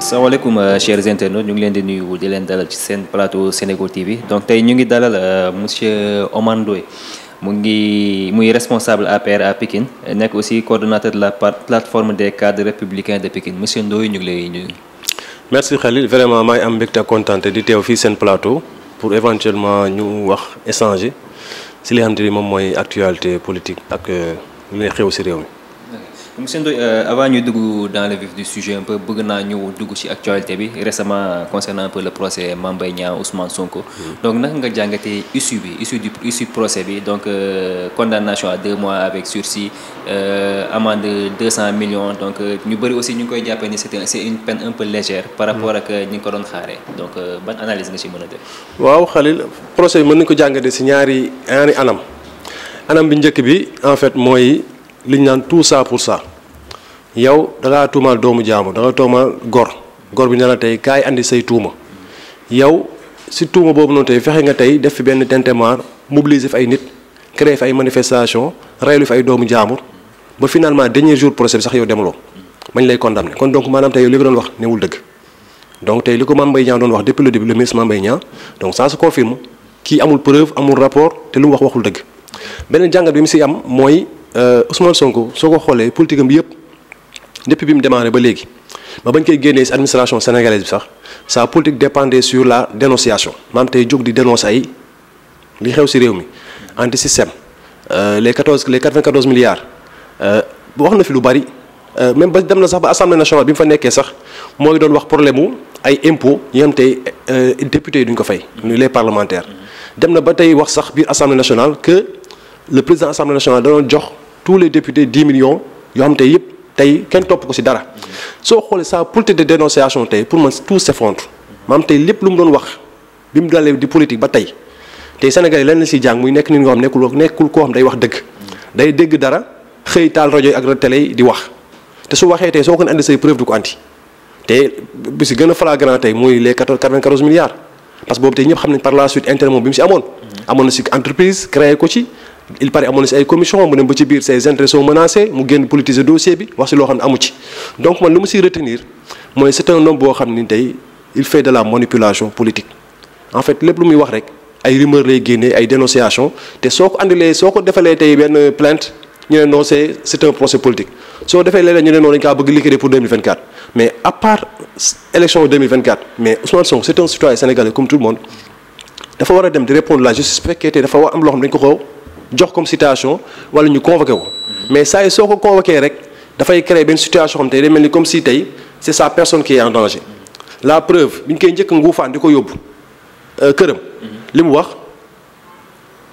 asalaamaaleykum euh, chers internautes ñu ngi leen di nuyu di leen dalal ci seen plateau Sénégo TV donc tey ñu ngi dalal euh, monsieur Omar Ndoye mu ngi muy responsable APR à Pikine nekk aussi coordonateur de la plateforme des cadres républicains de Pikine monsieur Ndoye ñu ngi lay nuyu. merci Khalil vraiment maay am mbégte kontaan di teew fii seen plateau pour éventuellement ñu wax échanger si li nga xamante ni moom mooy actualité politique ak euh, li xew si réew mi. monsieur Ndoye euh, avant ñu dugg dans le vif du sujet un peu bëgg naa ñëw dugg ci actualité bi récemment concernant un peu le procès Mame Mbaye Niang Ousmane mm-hmm. donc naka nga jàngatee issue bi issue du issue procès bi donc euh, condamnation à deux mois avec sursis euh, amende deux cent millions donc ñu bëri aussi ñu ngi koy jàppee ni c'est c'est une peine un peu légère. par rapport ak ñi nga ko doon xaaree donc ban analyse nga ci mën a def. waaw Khalil procès bi mën nañu ko jàngatee ci ñaari ñaari bi njëkk bi en fait liñ naan tout ça pour ça yow da ngaa doomu jaamu da nga tuumaal gor gor bi ne la tey kaay indi say tuuma yow si tuuma boobu noonu tey fexe nga tey def fi benn tintamarre mobiliser fi ay nit créer fi ay manifestation reylu fi ay doomu jaamur ba finalement dernier jour procès bi sax yow demuloo bañ lay condamné kon donc maanaam tey yow li nga doon wax newul dëgg donc tey li ko Mame Mbaye Niang doon wax depuis le début le ministre Mame Mbaye Niang donc ça se kii amul preuve amul rapport te lu mu waxul dëgg beneen jàngat bi mu si am mooy. Euh, Ousmane Sonko soo ko xoolee politique bi yëpp depuis bi mu démarré ba léegi ba bañ koy génnee ci administration sénégalaise bi sax sa politique dépende sur la dénonciation maanaam tey jóg di dénoncer ay li xew ci réew mi anti système euh, les 14 les 94 milliards euh, wax na fi lu bari même ba dem na sax ba assemblée nationale bi mu fa nekkee sax moo ngi doon wax problème mu ay impôts yi xam tey député yi duñ ko fay. ñu les parlementaires. dem na ba tey wax sax biir assemblée nationale que le président assemblée nationale da doon jox. tous les députés 10 millions yoo xam te yëpp tey kenn topp ko ci dara soo xoolee sa politique de dénonciation tey pour man tout s'effondre maanaam tey lépp lu mu doon wax bi mu dalee di politique ba tey tey Sénégal yi lan si jàng muy nekk nit nga xam nekkul nekkul koo xam day wax dëgg day dégg dara xëy taal rajo yi ak télé di wax te su waxee tey soo ko andi say preuve du ko andi te bi ci gën a flagrant tey mooy les 94 milliards parce que boobu tey ñëpp xam la suite intérêt moom bi mu ci amoon amoon na ko ci il paraît amoon na si ay commission mu dem ba ci biir ses intérêts sont menacés mu génn politiser dossier bi wax si loo xam ne amu ci donc man lu ma siy retenir mooy c'est un boo xam ni tey il fait de la manipulation politique en fait lépp lu muy wax rek ay rumeur lay génnee ay dénonciation te soo ko andilee soo ko defalee tey benn plainte ñu ne non c'est c'est un politique soo defee léeg ñu ne noonu dañu kaa bëgg liquider pour mais à part élection 2024 mais Ousmane Sonko c'est un citoyen sénégalais a dem ko jox comme citation wala ñu convoqué ko mais saa yi soo ko convoqué rek dafay créer benn situation xam te day mel ni comme si tey c'est sa personne qui est en danger la preuve bi ñu koy njëkk nguufaan di ko yóbbu euh, këram mhm. li mu wax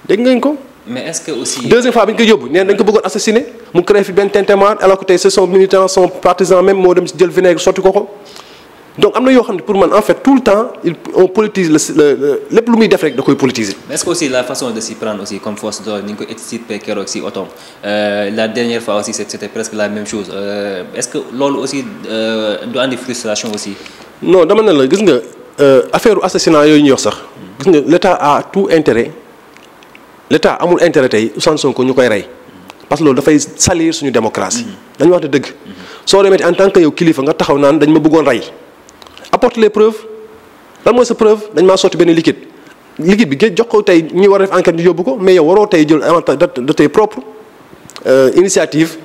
dégg ngeen ko. mais est-ce que aussi. fois bi ñu koy yóbbu nee dañ ko bëggoon assassiné mu créé fi benn tintement alors que tey ce sont militants son partisan même moo dem si jël vinaigre sotti ko ko. donc am na yoo xam ne pour man en fait tout le temps il lépp lu muy def rek da koy politiser. mais est-ce que aussi la façon de s'y prendre aussi comme force de ni ñu ko extirper keroog si otoom euh, la dernière fois aussi c'était presque la même chose euh, est-ce que loolu aussi euh, du andi frustration aussi. non dama ne la gis nga euh, affaire assassinat yooyu ñuy wax sax. gis nga l'État a tout intérêt l'État amul intérêt tey Ousmane Sonko ñu koy rey parce que loolu dafay salir suñu démocratie. Mm-hmm. dañu dëgg. Mm-hmm. soo demee en tant que yow kilifa nga taxaw naan dañ ma bëggoon rey. apporte les preuves lan mooy sa preuve dañ maa sotti benn liquide liquide bi jox ko tey ñu war a def enquête ñu yóbbu ko mais yow waroo tey jël avantage de tes propres euh, initiative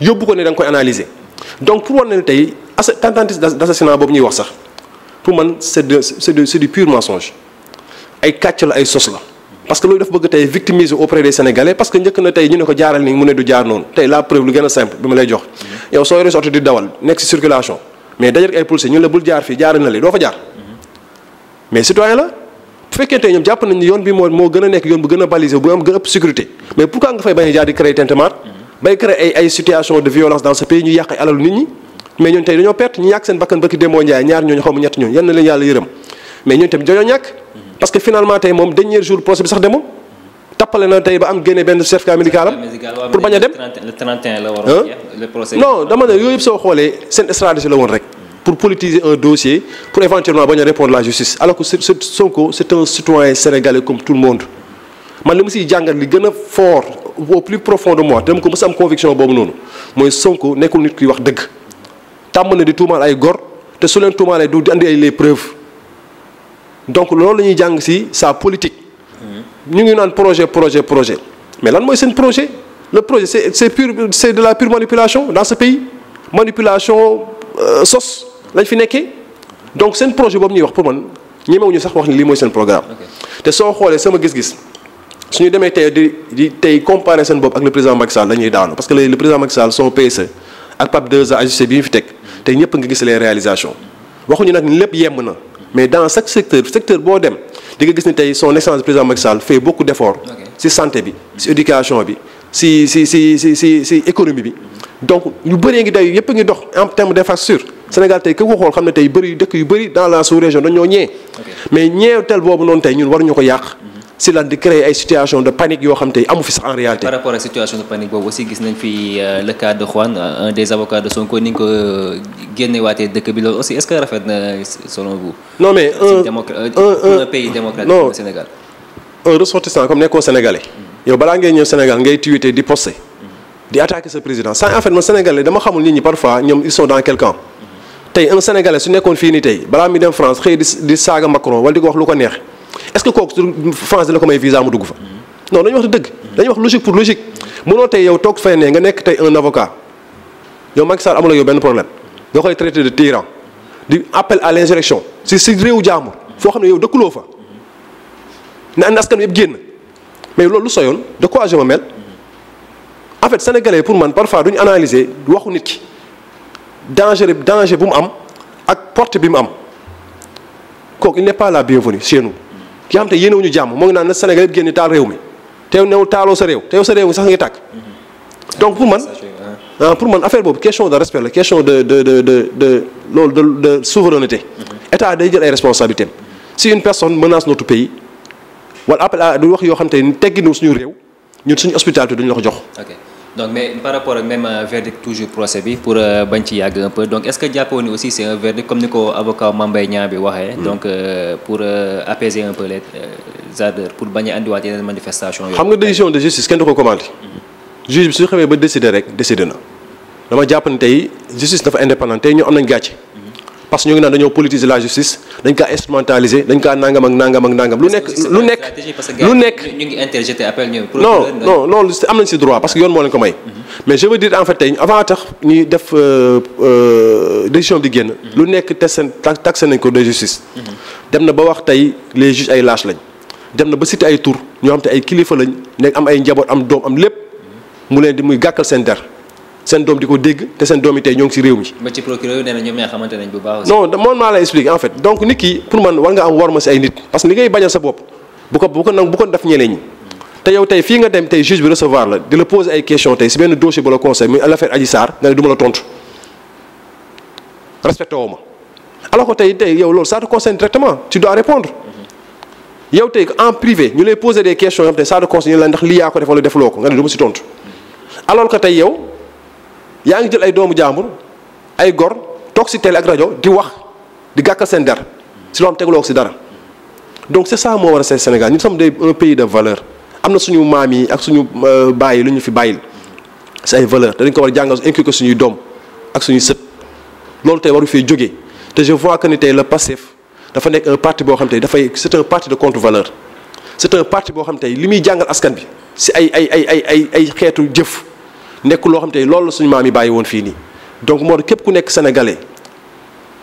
yóbbu ko ne da koy analyser donc pour war na ne tey assa tentative d'assassinat boobu ñuy wax sax pour man c'est de c'est du pur mensonge ay kàcc la ay sos la. parce que loolu dafa bëgg tey victimiser auprès des sénégalais parce que njëkk na tey ñu ne ko jaaral ni mu ne du jaar la preuve lu gën a mm-hmm. di dawal nekk ci mais daje ay policiers ñu la bul jaar fii jaar na li doo fa jaar mais citoyen la bu fekkente ñoom jàpp nañ yoon bi moo moo gën a nekk yoon bu gën a balisé bu am gën a ëpp sécurité mais pourquoi nga fay bañ a jaar di créer tintamarre bay créer ay situation de violence dans pays ñu yàq alalu nit ñi mais ñooñu tey dañoo perte ñu ñàkk seen bakkan barki Demba Ndiaye ñaar ñooñu xaw ma ñett ñooñu yan leen yàlla yërëm mais ñooñu tamit dañoo ñàkk parce que tappale na tey ba am génne benn certificat médical am pour bañ a dem le dama ne yooyu yëpp soo xoolee seen stratégie la woon rek pour politiser un dossier pour éventuellement bañ a répondre la justice alors que Sonko c'est un citoyen sénégalais comme tout le monde man li mu siy jàngat li gën a fort au plus profond de moi dama ko am conviction boobu noonu mooy Sonko nekkul nit kuy wax dëgg tàmm na di tuumaal ay gor te su leen tuumaalee du di les preuves donc loolu la ñuy jàng si sa politique ñu ngi naan projet projet projet mais lan mooy seen projet le projet c'est c'est pur c'est de la pure manipulation dans ce pays manipulation euh, sos lañ fi nekkee donc seen projet boobu ñuy wax pour man ñemewuñu sax wax ni lii mooy seen programme te soo xoolee sama gis-gis su ñu demee tey di di tey comparer seen bopp ak le président Macky Sall daanu parce que le président Macky Sall son e ak PAP 2A ajusté bi ñu fi teg te ñëpp nga gis les réalisation waxuñu nag lépp yemb na mais dans chaque secteur secteur boo dem. di nga gis ne tey son excellence président Macky Sall fait beaucoup d' efforts si santé bi si éducation bi si si si si si si économie bi donc ñu bëree ngi day yëpp ngi dox en terme d' infrastructure Sénégal tey ku ko xool xam ne tey bëri dëkk yu bëri dans la sous région dañoo ñee mais ñeewteel boobu noonu tey ñun war ñu ko yàq si lan di créer ay situation de panique yoo xam te amu fi sax en réalité. par rapport ak situation de panique boobu aussi gis nañ fi euh, le cas de Juan euh, un des avocats de Sonko nga ko euh, génneewaatee dëkk bi loolu aussi est rafet na selon vous. non mais un un un pays démocratique comme Sénégal. un ressortissant mm-hmm. yow balaa ngay ñëw Sénégal ngay tuité di posté. Mm-hmm. di attaquer sa président sans en fait man sénégalais dama xamul nit ñi parfois ñoom ils sont dans quel camp. Mm-hmm. tey un sénégalais su nekkoon fii nii tey balaa mi dem France xëy di saaga Macron wala di ko wax lu ko neex. est-ce que kooku sur France dina ko may visa mu dugg fa. non dañu wax dëgg. dañu wax logique pour logique. mënoo tey yow toog fay ne nga nekk tey un avocat yow Macky Sall amul yow benn problème nga koy traité de tyran di appel à l'insurrection si si réew jàmbur foo xam ne yow dëkkuloo fa na ànd askan wi yëpp génn mais loolu lu soyoon de quoi je me mêle en fait sénégalais pour man parfois ñu analyser waxu nit ki danger danger bu mu am ak porte bi mu am kooku il n'est la bienvenue chez ki xam te yéenewuñu jàmm moo ngi naan na Sénégal yëpp génn taal réew mi te newul taaloo sa réew te sa réew mi sax ngi tàkk donc pour man ah pour man affaire boobu question de respect la question de de de de souverainité loolu état day jël ay responsabilités si une personne menace notre pays wala appel à du wax yoo xam te ni teggi na suñu réew ñun suñu hospitalité duñu la ko jox. donc mais par rapport ak même euh, verdict toujours procès bi pour euh, bañ ci yàgg un peu donc est ce que jàppoo ni aussi c' est un verdict comme ni ko avocat Mame Mbaye bi waxee. Hmm. donc euh, pour apaiser un peu les pour bañ a andiwaat manifestation yooyu. xam nga décision de justice kenn du ko commandé. Hmm. juge bi su xamee ba décider rek décider na dama jàpp ne tey justice dafa indépendant tey ñoo am nañ gàcce. parce que ñu ngi naan dañoo politiser la justice dañ kaa instrumentaliser dañ kaa nangam ak nangam ak nangam. lu nekk lu nekk lu nekk ñu ngi interjeté appel am nañ si droit parce que yoon moo leen ko may. Mhm. mais je veux dire en fait tey avant tax ñuy def euh, euh, décision di génn. Mhm. lu nekk te seen taxe nañ ko de justice. Mhm. dem na ba wax tey les juges ay lâche lañ. dem na ba cité ay tur ñoo xam te ay kilifa lañ nekk am ay njaboot am doom am lépp mu leen di muy gàkkal seen der. seen doom di ko dégg te seen doom yi tey ñoo ngi si réew mi. non moom maa lay expliquer en fait donc nit ki pour man war nga am war ma si ay nit parce que li ngay bañal sa bopp bu ko bu bu ko def ñeneen ñi te yow tey fii nga dem tey juge bi recevoir la di la poser ay question tey si benn dossier ba la conseil muy l'affaire Adji ma la tontu tey tey yow loolu ça te concerne directement tu dois répondre yow tey en privé ñu lay poser des questions yoo xam te la ndax lii yaa ko def wala defloo ko nga ne du yow yaa ngi jël ay doomu jaambur ay gor toog si télé ak rajo di wax di gàkkal seen der si loo am tegloo si dara donc c'est ça moo war a say Sénégal ñu sommes des un pays de valeur am na suñu maam yi ak suñu euh, bàyyi lu ñu fi bàyyil si ay valeur te dañ ko war a jàngal inculquer suñuy doom ak suñu sët loolu tey waru fee jóge te je vois que ni tey le Pastef dafa nekk un boo xam tey dafay c'est un parti de contre-valeur c'est un boo xam tey li muy jàng askan bi si ay ay ay ay ay xeetu jëf nekk loo xam tey loolu suñ maam yi bàyyi woon fii nii donc moo képp ku nekk sénégalais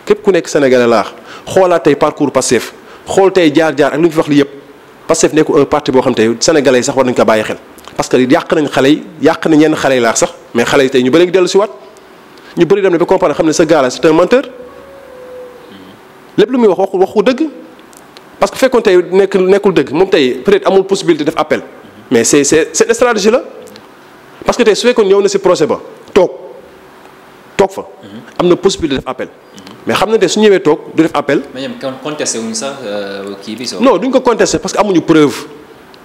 képp ku nekk sénégalais laax xoolaat tey parcours Pastef xool tey jaar-jaar ak lu ñu fi wax li yëpp Pastef nekkul un boo xam tey sénégalais sax war nañu ko bàyyi xel parce que yàq nañ xale yàq nañ yenn xale yi sax mais xale yi tey ñu bëri dellu si waat ñu bëri dem ne ba comprendre xam ne sa gaala c'est un menteur lépp lu muy wax waxu waxu dëgg parce que fekkoon tey nekk nekkul dëgg moom tey peut-être amul possibilité def appel mais c'est c'est stratégie la parce que tey su fekkoon ñëw na si procès ba toog toog fa. Mhm. am na possibilité de def appel. Mhm. mais xam na ne su ñëwee toog du def appel. mais ñoom kon contesté wuñ sax euh, kii ko contesté parce que amuñu preuve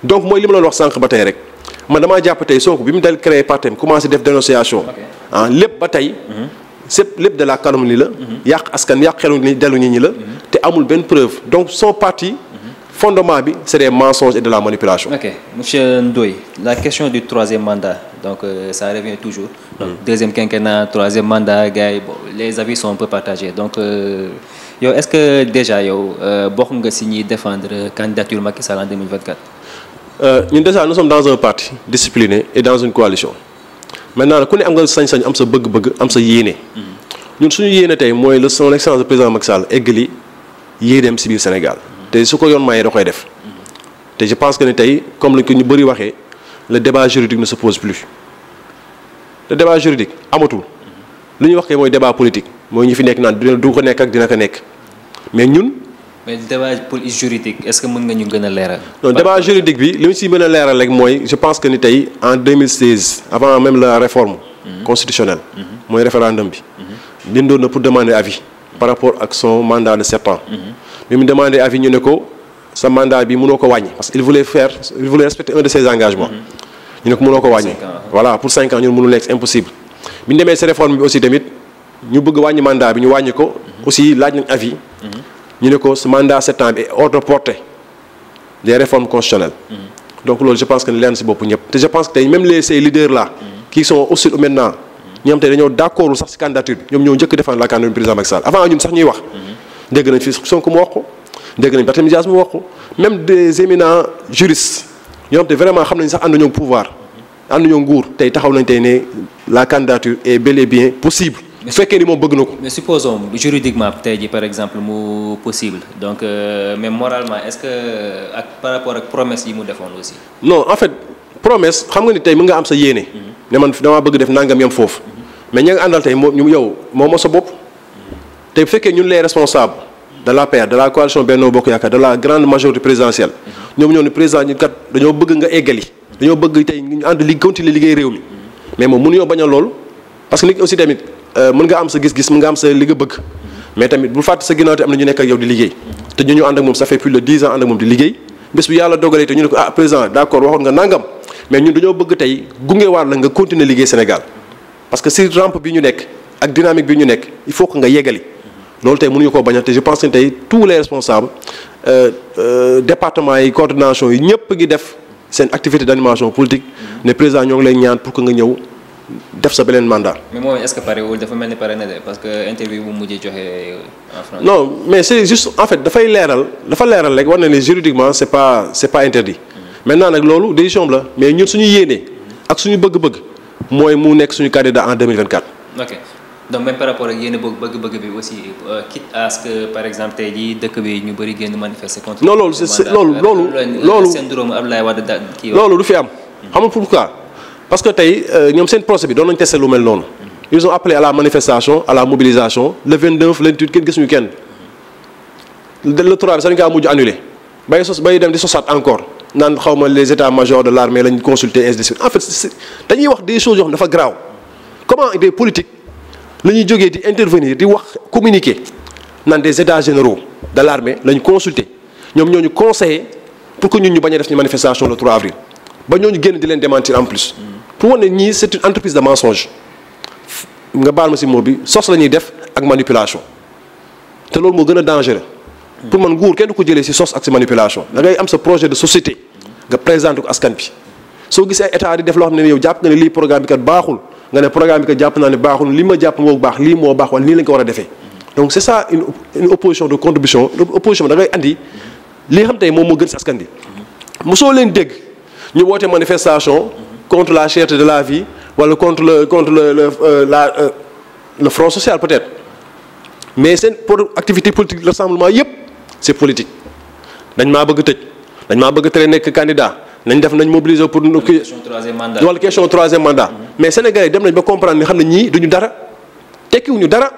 donc mooy li ma doon wax sànq ba tey rek man damaa jàpp tey Sonko bi mu dal créé partem commencé def dénonciation. ah lépp ba tey. c'est mhm. lépp de la ni la. yàq askan yàq xelu ni dellu nit ñi la. te amul benn preuve donc son parti. fondement bi c'est des mensonges et de la manipulation. ok monsieur Ndoye la question du troisième mandat donc euh, revient toujours. donc mm. deuxième quinquennat troisième mandat gars yi bon les avis sont peu partagés donc euh, yow est-ce que déjà yow euh, bokk nga si ñuy défendre candidature Macky Sall en 2024. Euh, ñun déjà nous sommes dans un parti discipliné et dans une coalition maintenant ku ne am nga sañ-sañ am sa bëgg-bëgg am sa yéene. Mm-hmm. ñun suñu yéene tey mooy le son excellence président Macky Sall eggali yéeneem si biir Sénégal. te su ko yoon mayee da koy def te je pense que ne tey comme lañ ko ñu bëri waxee le débat juridique ne se pose plus le débat juridique amatul lu ñuy wax kay mooy débat politique mooy ñu fi nekk naan du ko nekk ak dina ko nekk mais ñun. mais débat juridique est-ce que mën nga ñu gën a leeral. non débat juridique bi li ñu si mën a leeral rek mooy je pense que ni tey en 2016 avant même la réforme. Mhm. constitutionnelle. Mhm. mooy référendum bi. Mhm. bindoon na pour demander avis. par rapport ak son mandat de sept bi mu demandé avis ñu ne ko sa mandat bi mënoo ko wàññi parce que il voulait faire il voulait respecter un de ses engagements. Mm-hmm. ñu ne ko mënoo ko wàññi. voilà pour 5 ans ñun mënul nekk impossible. bi ñu demee si réforme bi aussi tamit ñu bëgg wàññi mandat bi ñu wàññi ko. Mm-hmm. aussi laaj nañ avis. Mm-hmm. ñu ne ko sa mandat 7 ans bi est hors de portée des réformes constitutionnelles. donc loolu je pense que leen si bopp ñëpp. te je pense que tey même les ces leaders a défendre wax. dégg nañ fi Sonko mu wax ko dégg nañ Barthélémy Dias mu wax ko même des éminents juristes ñoo xam te vraiment xam nañ sax ànd ñoo pouvoir ànd ñoo nguur tey taxaw nañ tey ne la candidature et bel et bien possible. bu fekkee ni moom bëgg na ko. mais supposons juridiquement tey ji par exemple mu possible donc euh, moralement est-ce que ak par rapport ak promesse yi mu defoon aussi. non en fait promesse xam nga ni tey mën nga am sa yéene. Mhm. ne man fi damaa bëgg def nangam yam foofu. Mhm. mais ña nga tey moom yow moomoo sa bopp. te fekkee ñun les responsables de l'APR de la coalition Bokk Yaakaar de grande majorité présidentielle ñoom ñoo ne président ñu kat dañoo bëgg nga eggali dañoo bëgg tey ñu ànd li continuer liggéey réew mi mais moom mënuñoo bañ a loolu parce que nit aussi euh, nga am sa gis-gis mën nga am sa li nga bëgg mais tamit bul fàtte sa ginnaaw te am na ñu nekk ak yow di liggéey te ñu ñu ànd ak moom ça fait plus de dix ans ànd ak moom di liggéey bés bu yàlla dogalee te ñu ne ko ah président d'accord waxoon nga nangam mais ñun dañoo bëgg tey gungewaat la nga continuer ñu nekk ak dynamique bi ñu nekk il faut nga yegali loolu tey mënuñu koo baña te je pense que tey tous les responsables euh, euh, départements yi coordination yi ñëpp gi def seen activité d'animation politique ne président ñoo ngi lay ñaan pour que nga ñëw def sa beneen mandat. mais moom est-ce que dafa mel ni pare na de parce que interview bu mujjee joxe en mais c'est juste en fait dafay leeral dafa leeral rek war na ne juridiquement c'est pas c'est pas interdit. Mmh. maintenant nag loolu décision bi la mais ñun suñu yéenee. ak suñu bëgg-bëgg. mooy mu nekk suñu candidat en 2024. ok donc même par rapport ak yéen bëgg bëgg-bëgg bi aussi euh, bëri génn manifester contre. non loolu c'est loolu loolu. loolu syndrome Abdoulaye Wade da kii loolu du fi am. xam nga pourquoi parce que tey euh, ñoom seen procès bi doon nañu tester lu mel noonu. la manifestation à la mobilisation le 29 le 28 kenn gisuñu kenn. le 3 bi sax dem di sosaat encore naan xaw ma les états majors de l'armée lañ consulter ainsi de suite en fait dañuy wax des choses yoo dafa grave comment des politiques. la ñuy jógee di intervenir di wax communiquer nan des états généraux de l'armée la ñu consulter ñoom ñoo ñu conseiller pour que ñun ñu bañ a def ñu manifestation le trois avril ba ñooñu génn di leen démentir en plus pour wane ne ñii c'est une entreprise de mensonge nga si mot bi sos la ñuy def ak manipulation te loolu moo gën a dangereux pour man nguur kenn ko jëlee si sos ak si manipulation da ngay am sa projet de société nga présenter ko askan bi soo gisee état di def loo xam ne yow jàpp nga ne lii programme bi kat nga ne programme bi ko jàpp naa ne baaxul li ma jàpp moo baax lii moo baax wala nii lañ ko war a defee donc c'est ça une une opposition de contribution opposition da ngay andi li xam tey moom moo gën si askan bi mosoo leen dégg ñu wootee manifestation contre la cherté de la vie wala contre le contre le euh, la euh, le front social peut-être mais seen activité politique rassemblement yépp c'est politique dañ maa bëgg tëj dañ maa bëgg tere nekk candidat nañ def nañ mobiliser pour. wala question troisième mandat wala question troisième mandat. Mm-hmm. mais sénégalais yi dem nañ ba comprendre ni xam ne ñii duñu dara tekkiwuñu dara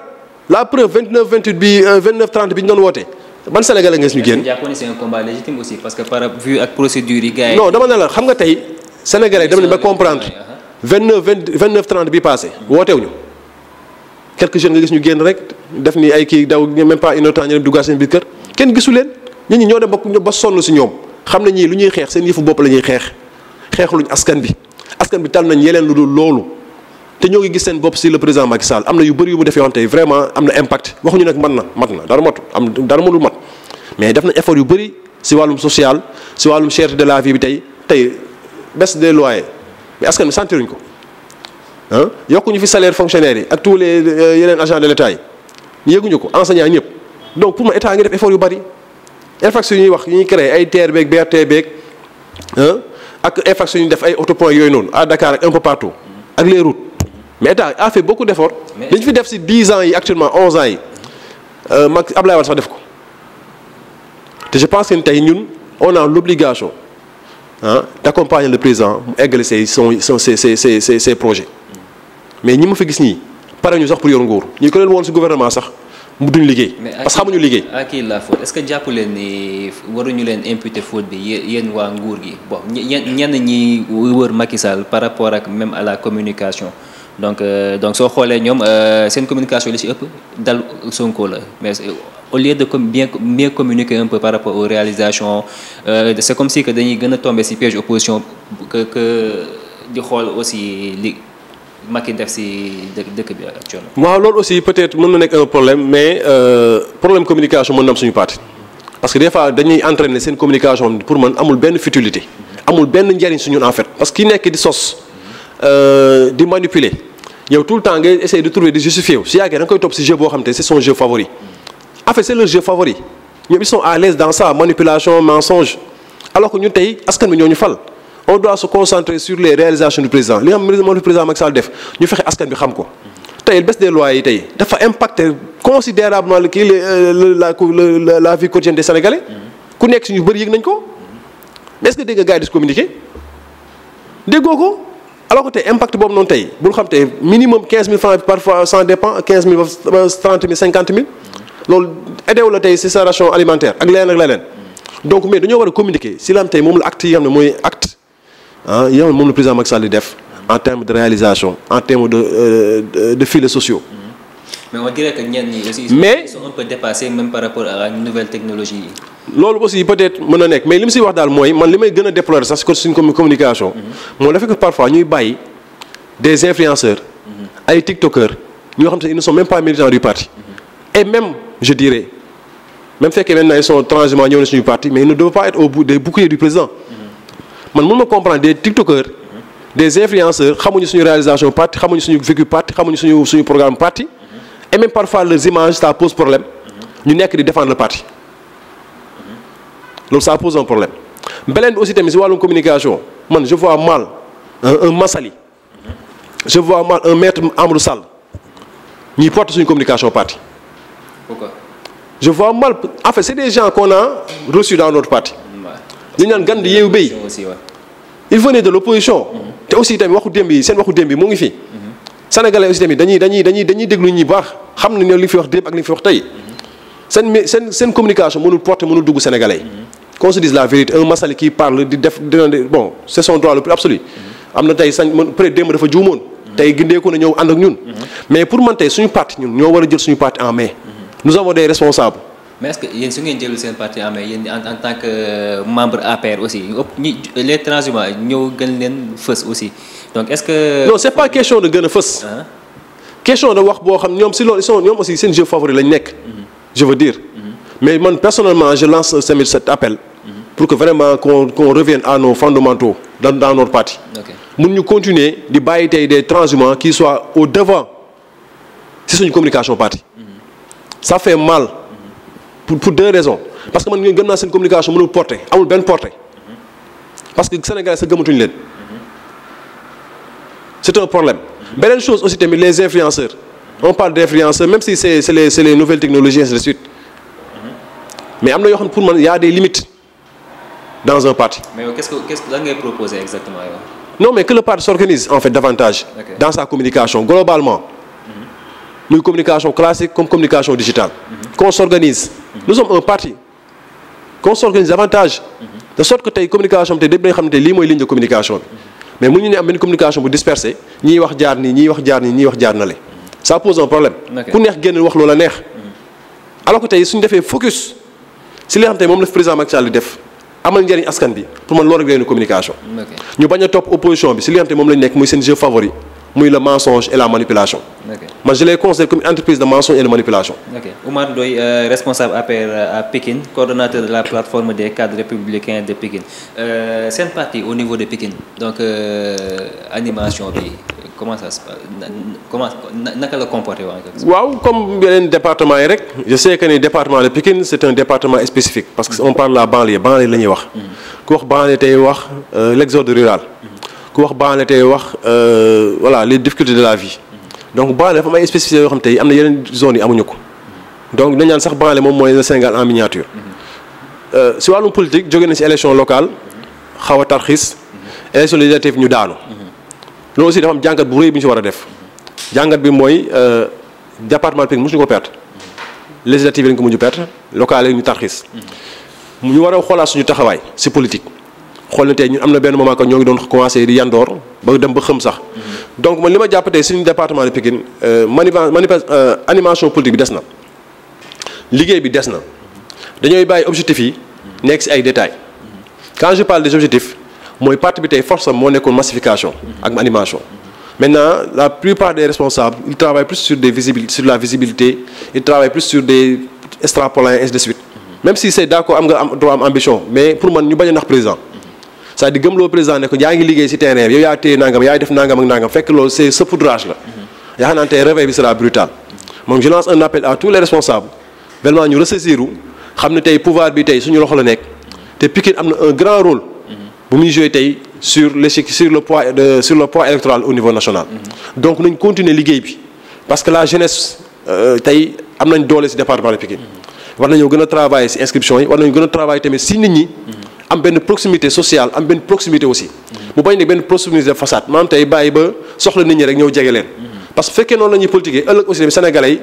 la preuve 29 28 bi 29 euh, 30 bi ñu doon woote. ban Sénégalais nga ñu génn jàppoon c'est un combat légitime aussi parce que par vu ak procédure yi gars yi la xam nga tey Sénégalais dem nañ ba comprendre 29 20 29 bi passé mm-hmm. wootewuñu quelques jeunes nga gis ñu génn rek def ni ay kii daw même pas une heure temps ñu dem duggaat seen biir kenn gisu leen ñi ñoo dem ba sonn si ñoom xam nañ ñii lu ñuy xeex seen yëfu bopp lañuy xeex xeex xeexluñ askan bi askan bi tal nañ yeneen lu dul loolu te ñoo ngi gis seen bopp si le président Macky Sall am na yu bëri yu mu def yoo xam te vraiment am na impact waxuñu nag mat na mat na dara mat am dara mënul mat mais def nañ effort yu bëri si wàllum social si wàllum cherté de la vie bi tey tey baisse des loyers mais askan bi sentiruñ ko ah yokkuñu fi salaire fonctionnaire yi ak tous les euh, yeneen agents de l' état yi ko enseignants ñëpp donc pour ma état ngi yu bëri. Eifax yu ñuy wax yu ñuy créé ay TER beeg BRT beeg ak Eifax yu ñuy def ay autopont yooyu noonu à Dakar ak un peu partout ak les routes mais état a fait beaucoup d'efforts li ñu fi def ci 10 ans yi actuellement 11 ans yi euh, mag Ablaye Wade sax def ko te je pense que tey ñun on a l'obligation ah le président mu eggale say son son ses ses ses projets mais ñi ma fi gis ñii pare ñu sax pour yor nguur ñu ko leen woon ci gouvernement sax. duñ liggéey. parce que xamuñu liggéey. à qui la faute est-ce que jàpp leen ni waruñu leen imputer faute bi yéen waa nguur gi bon ñenn ñi wër Macky par rapport ak même à la communication donc euh, soo xoolee ñoom euh, seen communication li si ëpp dal Sonko la mais euh, au lieu de comme bien bien communiquer un peu par rapport aux réalisations euh, c'est comme si que dañuy gën a tomber ci piège opposition que que di xool aussi li. Macky def si dëkk bi actuellement. waaw loolu aussi peut-être mën na nekk problème mais euh, problème communication mën na suñu parti parce que des fois dañuy entraîner seen communication pour man amul benn futilité. amul benn njariñ suñu en fait. parce que ki nekk di sos euh, di manipuler yow tout le temps ngay essayer de trouver di justifier wu si yàggee da koy topp si jeu boo xam te si son jeu favori. en fait c'est leur jeu favori ñoom ils sont à dans ça manipulation mensonge alors que ñu tey askan bi ñoo ñu fal. on doit se concentrer sur les réalisations du président li nga xam ne moom la tey baisse des lois yi tey dafa impacter considérablement kii la la la vie quotidienne des sénégalais. ku nekk ñu bëri yëg nañ ko. mais est-ce que dégg ko alors que tey impact xam tey minimum 15000 francs parfois ça dépend 15000 ba 30000 50000. loolu aidé sa ration alimentaire ak leneen leneen. donc mais dañoo war a communiquer si moom la acte yi nga xam ne mooy acte. ah yow moom la président Macky Sall def en termes de réalisation en termes de euh, de, de sociaux. mais on dirait que ñenn ñi aussi. loolu aussi peut-être mën na nekk mais li mu si wax daal mooy man li may gën a déplorer sax si suñ communication. Mhm. moo dafa que parfois ñuy bàyyi des influenceurs. Mhm. ay mmh. ñoo xam te ils ne sont même pas militants du parti. Mmh. et même je dirais même fekkee maintenant ils sont transhumants ñëw na suñu parti mais ils ne doivent pas être au bout des boucliers man mën ma comprendre des tiktokers des influenceurs xamuñu suñu réalisation parti xamuñu suñu vécu parti xamuñu suñu suñu programme parti et même parfois leurs images ça pose problème ñu nekk di défendre le parti loolu ça pose un problème beneen bi aussi tamit si wàllum communication man je vois mal un un je vois mal un maître Amadou Sall ñuy porte suñu communication parti. je vois mal en fait c'est des gens qu'on a reçus dans notre parti. dañ naan gan di yeewu béy il venait de l'opposition mhm. te aussi tamit waxu démb yi seen waxu démb yi moo ngi fi mhm. sénégalais aussi tamit dañuy dañuy dañuy dañuy déglu ñuy baax xam na ne li fi wax démb ak li fi wax tey mhm. seen seen seen communication mënul porter mënul dugg sénégalais yi qu'on se la vérité un masali qui parle di def dina bon c'est droit le plus absolu am na tey sañ man peut-être démb dafa juumoon tey gindeeku na ñëw ànd ak ñun mais pour man tey suñu parti ñun ñoo war a jël suñu parti en main nous mais est-ce que yéen su ngeen jëlul seen parti amee yéen en tant que membre APR aussi ñu ëpp ñi les transhumants ñëw gën leen fës aussi wax boo xam ñoom si loolu ñoom aussi seen jeu favori lañ nekk. Mhm. je mhm. man personnellement je lance samit cet appel. Mhm. pour que vraiment qu'on qu'on revienne à nos fondamentaux dans notre parti. mun ñu continuer di bàyyi tey des transhumants qui soient au devant si suñ communication parti. ça fait mal. pour pour deux raisons parce que man ngeen gëm naa seen communication mënul porté amul benn porté parce que Sénégalais sa gëmatuñu leen c'est un problème. beneen chose aussi tamit les influenceurs on parle d'influenceurs même si c'est c'est les c'est les nouvelles technologies et de suite mais am na yoo xam ne pour man y des limites dans un parti. mais qu'est-ce que qu'est-ce que lan ngay proposer exactement non mais que le parti s'organise en fait davantage. Okay. dans sa communication globalement. Mhm. muy mm -hmm. communication classique comme communication lu sommes un parti qu'on s'organise davantage mhm. de sorte que tey communication bi tey dañ xam ne tey lii mooy ligne de communication bi mhm. mais mënuñu ne am benn communication bu dispersée ñiy wax jaar nii ñiy wax jaar nii ñiy wax jaar na mhm. pose un problème ku neex génn wax loola neex alors que tey ñu defee focus si li xam tey moom la président Macky Sall di def amal njëriñ askan bi pour man loolu rek leen communication ñu bañ a topp opposition bi si li nga xam tey moom lañ nekk muy seen jeu favori muy le mensonge et la manipulation. ok man je les considère comme entreprise de mensonge et de manipulation. ok Oumar Ndoye euh, responsable APR euh, à Pékin coordonnateur de la plateforme des cadres républicains de Pékin euh, de Pékin donc euh, bi comment ça se passe comment naka la comporté waaw comme yeneen département yi rek je sais que ni département de Pékin c'est un département parce que on parle la banlieue banlieue la ñuy wax. Mm-hmm. ku wax banlieue tey wax euh, l'exode rural. Mm-hmm. ku wax banlieue tey wax euh, voilà les difficultés de la vie mhm. donc banlieue fa am ay yoo xam tey am na yeneen zones yi amuñu ko mhm. donc dañu naan sax banlieue moom mooy le Sénégal en miniature. Mhm. Euh, si wàllum politique jóge na si élection locale xaw a tarxiis élection législative ñu daanu loolu aussi dafa jàngat bu rëy bu ñu si war a def jàngat bi mooy euh, département Pikine mosuñu ko perte législative yi dañ ko mujj perte locale yi ñu tarxiis ñu war a xoolaat suñu taxawaay si politique. xool na tey ñun am na benn moment que ñoo ngi doon commencé di yandoor ba dem ba xëm sax donc man li ma jàpp tey suñu département de Pikine euh, manifeste euh, animation politique bi des na liggéey bi des na dañooy bàyyi objectif yi nekk si ay détails quand je parle des objectifs mooy parti bi tey force am moo nekkoon massification ak animation maintenant la plupart des responsables ils travaillent plus sur des visibilités sur la visibilité ils travaillent plus sur des extrapolins ainsi de suite même si c'est d'accord am pour man ñu bañ nax président c'est-à-dire gëmloo président ne yaa ngi liggéey si terrain bi yow yaa téye nangam yaay def nangam ak nangam fekk loolu c'est saupoudrage la yaakaar naa tey réveil bi sera brutal moom je un appel à tous les responsables vraiment ñu ressaisir xam ne tey pouvoir bi tey suñu loxo la nekk te Pikine am na un grand rôle bu muy joué tey sur l'échec sur le poids de sur le poids électoral au niveau national donc nañ continuer liggéey bi parce que la jeunesse euh, tey am nañ doole si département war nañoo gën a travailler si inscription yi war nañu gën tamit nit ñi am benn proximité sociale am benn proximité aussi. bu bañ ne benn proximité de façade maanaam tey bàyyi ba soxla nit ñi rek ñëw jege leen. Mhm. parce que fekkee noonu la ñuy politiquer ëllëg aussi sénégalais yi.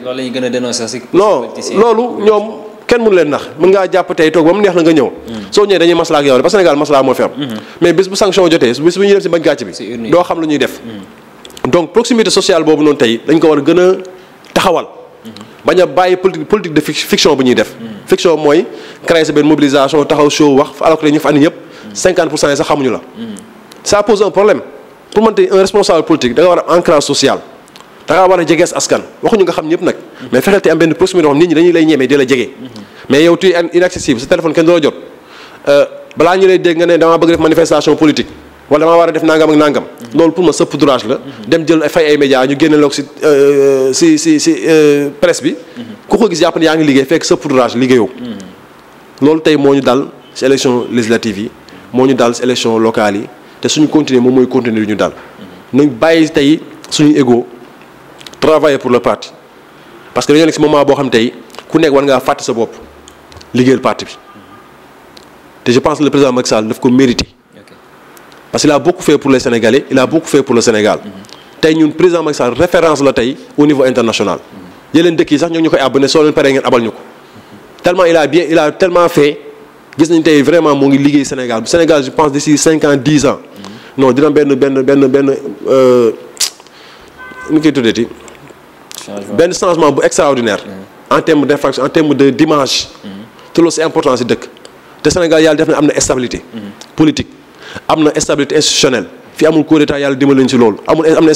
leen nax mën ngaa jàpp tey toog ba mu neex nga ñëw. Mhm. soo ñëwee dañuy maslaa ak yow parce que Sénégal maslaa moo fi am. Mhm. mais bis bu sanction jotee bis bu ñuy dem bañ gàcc bi. proximité sociale boobu noonu tey dañ ko war a gën a taxawal bañ a bàyyi politique politique de fiction bu ñuy def. fiction mooy créer sa benn mobilisation taxaw show wax alors que ñu fa andi ñëpp. 50 xamuñu la. ça pose un problème pour man tey responsable politique da war a ancrage social da war a jegees askan waxuñu nga xam ñëpp nag. mais fexeel am benn proximité nit ñi dañuy lay ñemee di la jege. mais yow tuy inaccessible sa téléphone kenn du jot euh, balaa ñu lay dégg nga ne damaa bëgg def manifestation politique. wala maa war a def nangam ak nangam. loolu pour ma sa poudrage la. dem jël fay ay médias ñu génne loog si euh, si si si euh, presse bi. ku jàpp yaa ngi liggéey fekk sa poudrage liggéeyoo. loolu tey moo ñu dal si élection législative yi moo ñu dal si élection locale yi te suñu continuer moom mooy continuer du ñu dal. nañ bàyyi tey suñu égo travailler pour le parti parce que dañoo nekk si moment boo xam tey ku nekk war ngaa fàtte sa bopp liggéeyal parti bi te je pense que le président Macky Sall daf ko mérité. parce qu'il a bokk fait pour les Sénégalais il a beaucoup fait pour le Sénégal tey ñun président Macky Sall référence la tey au niveau international yeneen dëkk yi sax ñoo ñu koy àbb ne soo leen paree ngeen abal ñu ko tellement il a bien il a tellement fait gis nañ tey vraiment moo ngi liggéey Sénégal bu Sénégal je pense d'ici cinq ans dix ans non dina benn benn benn benn euh, nu koy tuddee ti benn changement bu extraordinaire mm-hmm. en terme d'infraction en terme de d'image mm-hmm. te loolu c'est important si dëkk te Sénégal yàlla def na am na stabilité mm-hmm. politique am na stabilité institutionnelle fi amul coup yàlla dima nañ ci loolu amul am na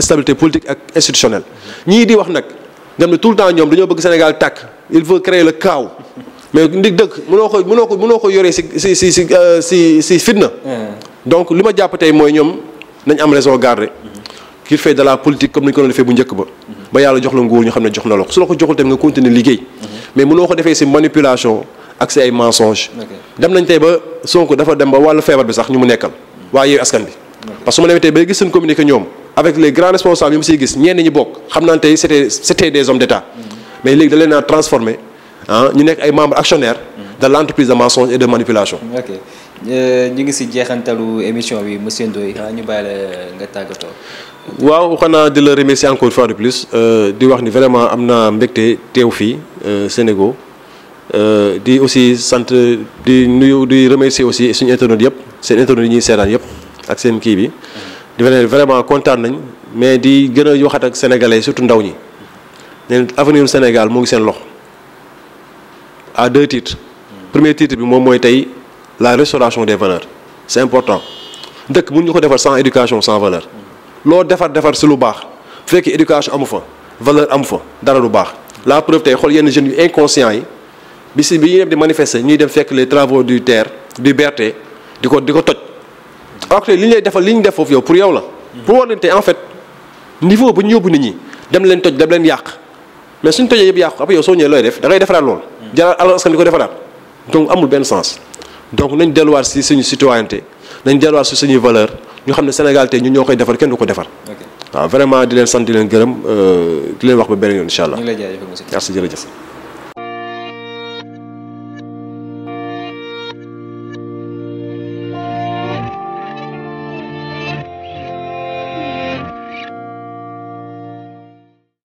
stabilité politique ak institutionnelle ñii di wax nag nga ne tout le temps ñoom dañoo bëgg Sénégal tàkk il faut créer le chaos mais ndig dëkk mënoo ko mënoo ko mënoo ko yoree si si si si si euh, si fitna. Hmm. donc li ma jàpp tey mooy ñoom nañ am raison garder. qui fait de la politique comme ni ko doon defee bu njëkk ba. Hmm. ba yàlla jox la nguur ñu xam ne jox na la ko su la ko joxul tamit nga continuer liggéey. Hmm. mais ko defee si manipulation. ak si ay mensonge dem nañ tey ba Sonko dafa dem ba wàllu feebar bi sax ñu mu nekkal waaye Yewwi Askan bi parce que su ma demee tey bay gis seen communiqué ñoom avec les grands responsables yu mu siy gis ñenn ñi bokk xam naa tey c'était c'était des hommes d'État mhm. mais léegi da leen a ah, ñu nekk ay membres actionnaires mhm. de l'entreprise de mensonge et de manipulation. ok euh, ñu ngi si jeexantalu émission bi monsieur Ndoye ah, ñu bàyyi la nga tàggatoo. waaw xanaa di la remercier encore une fois de plus euh, di wax ni vraiment am naa mbégte teew fii euh, Sénégal. Euh, di aussi sant di nuyu di remercier aussi suñu internautes yëpp seen internautes yi ñuy seetaan yëpp ak seen kii bi. di fa vraiment kontaan nañ mais di gën a waxat ak sénégalais surtout ndaw ñi ne avenir Sénégal mu ngi seen loxo à deux titres. premier titre bi moom mooy tey la restauration des valeurs c'est important dëkk mun ñu ko defar sans éducation sans valeur loo defar defar si lu baax fekk fekkee éducation amu fa valeur amu fa dara lu baax la preuve tey xool yenn jeunes yu yi. bi si bi ñuy dem di manifester ñuy dem fekk les travaux du TER du BRT di ko di ko toj. alors que li ñu lay defal li ñu def foofu yow pour yow la. pour war leen te en fait niveau bu ñu yóbbu nit ñi dem leen toj dem leen yàq mais suñ tojee yëpp yàqu après yow soo ñee looy def da ngay defaraat loolu. jaral alal askan di ko defaraat donc amul benn sens. donc nañ delluwaat si suñu citoyenneté nañ delluwaat si suñu valeur ñu xam ne Sénégal ñu ñun ñoo koy defar kenn du ko defar. waaw di leen sant di gërëm euh, di leen yoon incha allah. ñu ngi lay jaajëfal merci jërëjëf.